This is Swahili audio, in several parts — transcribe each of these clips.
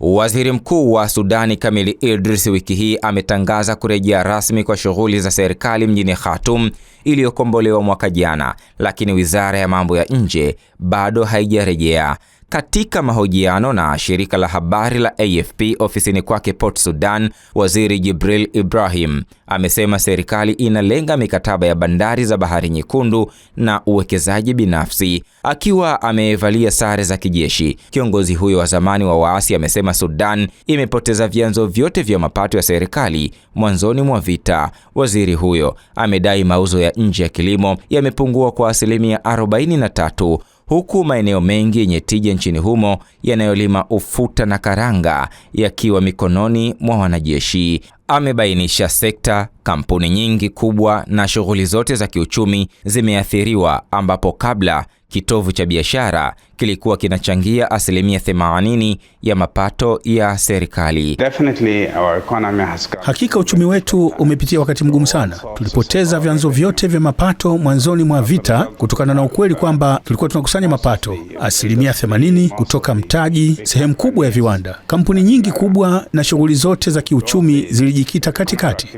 Waziri Mkuu wa Sudani Kamili Idris wiki hii ametangaza kurejea rasmi kwa shughuli za serikali mjini Khartoum iliyokombolewa mwaka jana, lakini Wizara ya Mambo ya Nje bado haijarejea. Katika mahojiano na shirika la habari la AFP ofisini kwake Port Sudan, Waziri Jibril Ibrahim amesema serikali inalenga mikataba ya bandari za Bahari Nyekundu na uwekezaji binafsi. Akiwa amevalia sare za kijeshi, kiongozi huyo wa zamani wa waasi amesema Sudan imepoteza vyanzo vyote vya mapato ya serikali mwanzoni mwa vita. Waziri huyo amedai mauzo ya nje ya kilimo yamepungua kwa asilimia 43 huku maeneo mengi yenye tija nchini humo yanayolima ufuta na karanga yakiwa mikononi mwa wanajeshi amebainisha sekta, kampuni nyingi kubwa na shughuli zote za kiuchumi zimeathiriwa, ambapo kabla kitovu cha biashara kilikuwa kinachangia asilimia 80 ya mapato ya serikali. Hakika uchumi wetu umepitia wakati mgumu sana. Tulipoteza vyanzo vyote vya mapato mwanzoni mwa vita kutokana na ukweli kwamba tulikuwa tunakusanya mapato asilimia 80 kutoka mtaji, sehemu kubwa ya viwanda. Kampuni nyingi kubwa na shughuli zote za kiuchumi zili amejikita katikati.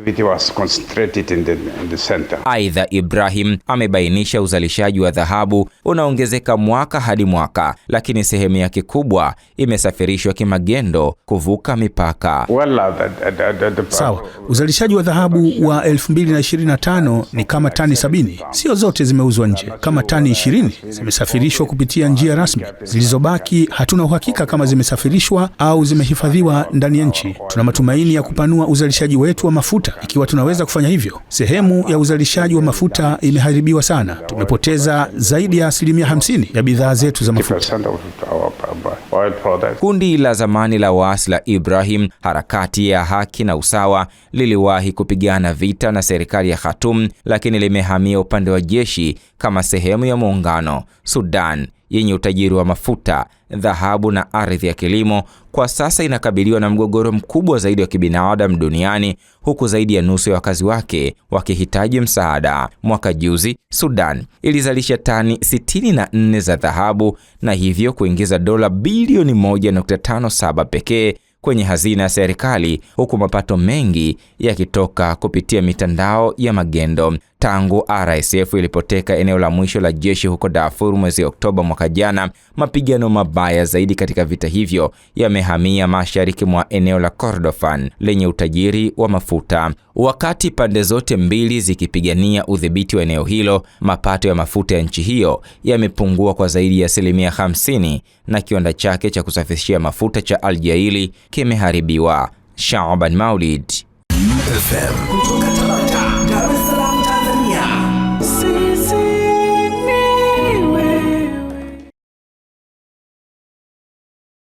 Aidha, Ibrahim amebainisha uzalishaji wa dhahabu unaongezeka mwaka hadi mwaka, lakini sehemu yake kubwa imesafirishwa kimagendo kuvuka mipaka. Uh, Sawa, uzalishaji wa dhahabu wa 2025 ni kama tani 70, sio zote zimeuzwa nje, kama tani 20 zimesafirishwa kupitia njia rasmi. Zilizobaki hatuna uhakika kama zimesafirishwa au zimehifadhiwa ndani ya nchi. Tuna matumaini ya kupanua uzalishaji uzalishaji wetu wa mafuta, ikiwa tunaweza kufanya hivyo. Sehemu ya uzalishaji wa mafuta imeharibiwa sana. Tumepoteza zaidi ya asilimia 50 ya bidhaa zetu za mafuta. Kundi la zamani la waasi la Ibrahim harakati ya haki na usawa liliwahi kupigana vita na serikali ya Khartoum, lakini limehamia upande wa jeshi kama sehemu ya muungano Sudan yenye utajiri wa mafuta, dhahabu na ardhi ya kilimo, kwa sasa inakabiliwa na mgogoro mkubwa zaidi wa kibinadamu duniani, huku zaidi ya nusu ya wakazi wake wakihitaji msaada. Mwaka juzi, Sudan ilizalisha tani 64 za dhahabu na hivyo kuingiza dola bilioni 1.57 pekee kwenye hazina ya serikali huku mapato mengi yakitoka kupitia mitandao ya magendo. Tangu RSF ilipoteka eneo la mwisho la jeshi huko Darfur mwezi Oktoba mwaka jana, mapigano mabaya zaidi katika vita hivyo yamehamia mashariki mwa eneo la Kordofan lenye utajiri wa mafuta. Wakati pande zote mbili zikipigania udhibiti wa eneo hilo, mapato ya mafuta ya nchi hiyo yamepungua kwa zaidi ya asilimia 50 na kiwanda chake cha kusafishia mafuta cha Aljaili kimeharibiwa. Shaaban Maulid FM.